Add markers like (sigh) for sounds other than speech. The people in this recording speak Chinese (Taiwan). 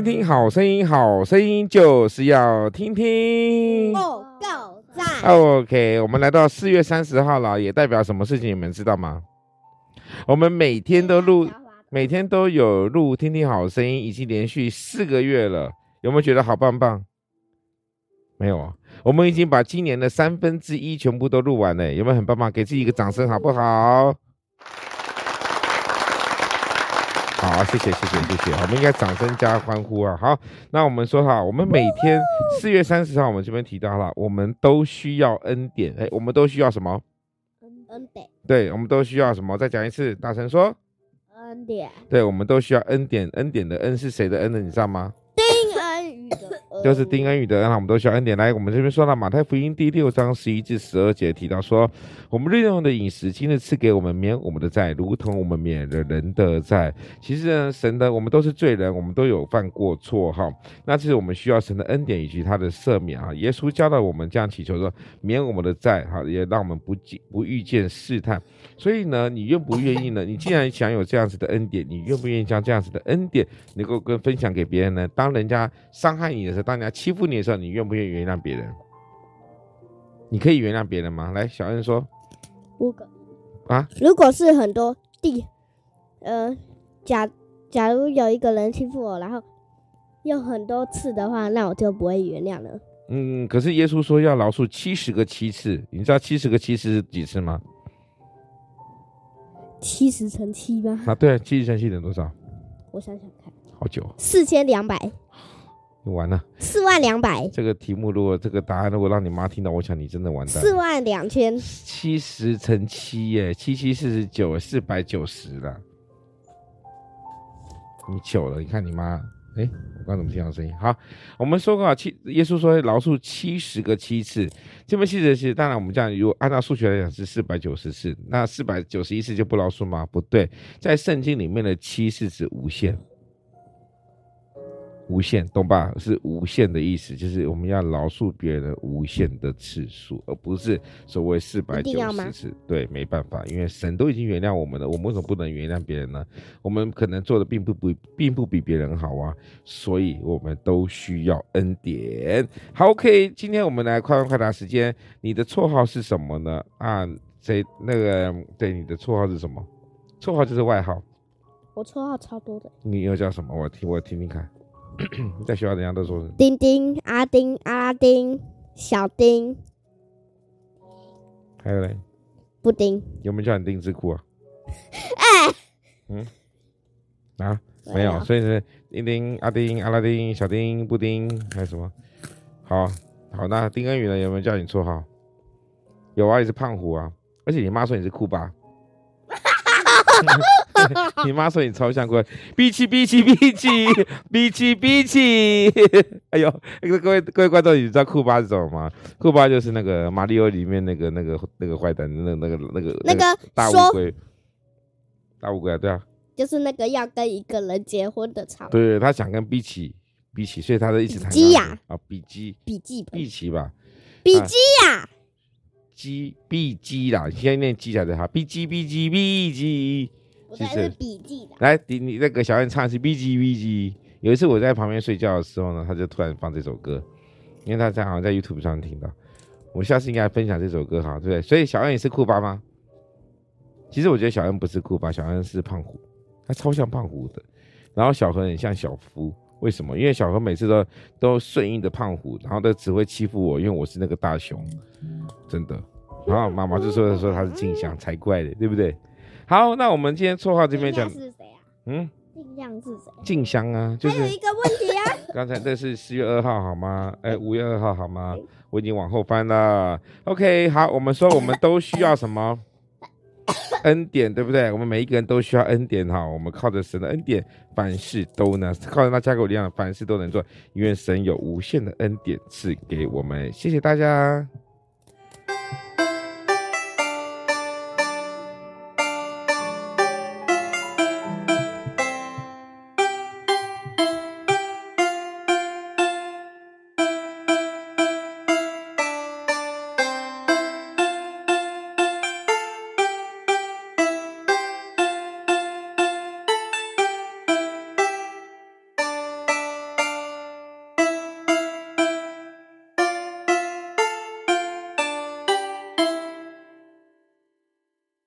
聽聽好聲音，好聲音就是要聽聽。OK，我們來到四月三十號了，也代表什麼事情？你們知道嗎？我們每天都錄，每天都有錄《聽聽好聲音》，已經連續四個月了，有沒有覺得好棒棒？沒有啊？我們已經把今年的三分之一全部都錄完了，有沒有很棒棒？給自己一個掌聲，好不好？好、啊，謝謝謝謝謝謝，我們應該掌聲加歡呼啊！好，那我們說哈，我們每天四月三十號，我們這邊提到了，我們都需要恩典，哎，我們都需要什麼？恩典、嗯。嗯、對，我們都需要什麼？再講一次，大聲說。恩典、嗯點。對，我們都需要恩典，恩典的恩是誰的恩呢？你知道嗎？就是丁的恩雨德，那我們都需要恩典。來，我們這邊說到馬太福音第六章十一至十二節提到說，我們日用的飲食，今日賜給我們，免我們的債，如同我們免了人的債。其實呢，神的我們都是罪人，我們都有犯過錯哈。那這是我們需要神的恩典以及他的赦免啊。耶穌教導我們這樣祈求說，免我們的債哈，也讓我們不見不遇見試探。所以呢，你願不願意呢？你既然享有這樣子的恩典，你願不願意將這樣子的恩典能夠跟分享給別人呢？當人家，傷害你的時候，當人家欺負你的時候，你願不願意原諒別人？你可以原諒別人嗎？來，小恩說，五個我。啊。如果是很多第，呃，假假如有一個人欺負我，然後有很多次的話，那我就不會原諒了。嗯，可是耶穌說要饒恕七十個七次，你知道七十個七次是幾次嗎？七十乘七嗎？啊，對啊，七十乘七等於多少？我想想看，好久，四千兩百。完了，四萬兩百。這個題目，如果這個答案如果讓你媽聽到，我想你真的完蛋。四萬兩千，七十乘七耶，七七四十九，四百九十了。欸、49，你久了，你看你媽，哎、欸，我剛，剛怎麼聽到聲音？好，我們說過七，耶穌說饒恕七十個七次，這門七十次，當然我們這樣，如果按照數學來講是四百九十次，那四百九十一次就不饒恕嗎？不對，在聖經裡面的七是指無限。無限，懂吧？是無限的意思，就是我們要饒恕別人無限的次數，而不是所謂四百九十次。對，沒辦法，因為神都已經原諒我們了，我們為什麼不能原諒別人呢？我們可能做的並不比並不比別人好啊，所以我們都需要恩典。好，OK，今天我們來快問快答時間。你的綽號是什麼呢？啊，這，那個，對，你的綽號是什麼？綽號就是外號。我綽號超多的。你又叫什麼？我聽，我聽聽看。在 (coughs) 學校，人家都說丁丁、阿丁、阿拉丁、小丁，還有嘞布丁，叮有沒有叫你丁字褲啊？欸、嗯啊，沒有，所以是丁丁、阿丁、阿拉丁、小丁、布丁，還有什麼？好，好，那丁恩宇呢？有沒有叫你綽號？有啊，你是胖虎啊，而且你媽說你是酷巴。 (laughs) (laughs) (laughs) 你媽說你超像酷比奇，比奇，比奇，比奇，比奇，哎呦，各位各位觀眾，你知道庫巴是什麼嗎？庫巴就是那個《馬里奧》裡面那個那個那個壞蛋，那那個那個那個，那個，那個大烏龜，大烏龜啊，對啊，就是那個要跟一個人結婚的草。對，他想跟比奇，比奇，所以他在一起談。比基啊，啊、比基，比基，比奇吧？比基呀？基，比基啦！先念啊啊比基才對哈，比奇，比奇，比奇。我才是筆記的、啊。來，你你在給小恩唱的是 B G B G。有一次我在旁邊睡覺的時候呢，他就突然放這首歌，因為他好像在 YouTube 上聽到。我下次應該分享這首歌哈，對不對？所以小恩也是酷巴嗎？其實我覺得小恩不是酷巴，小恩是胖虎，他超像胖虎的。然後小何很像小夫，為什麼？因為小何每次都都順應着胖虎，然後他只會欺負我，因為我是那個大雄，嗯、真的。然後媽媽就說說他是靜香才怪的，對不對？好，那我們今天策劃這邊講是誰啊？嗯，靜香是誰？靜香啊，就是。還有一個問題啊，啊。剛才這是四月二號好嗎？哎， (laughs) 五月二號好嗎？我已經往後翻了。OK，好，我們說我們都需要什麼？ (laughs) 恩典，對不對？我們每一個人都需要恩典哈。我們靠着神的恩典，凡事都能。靠着那加給我力量，凡事都能做，因為神有無限的恩典賜給我們。謝謝大家。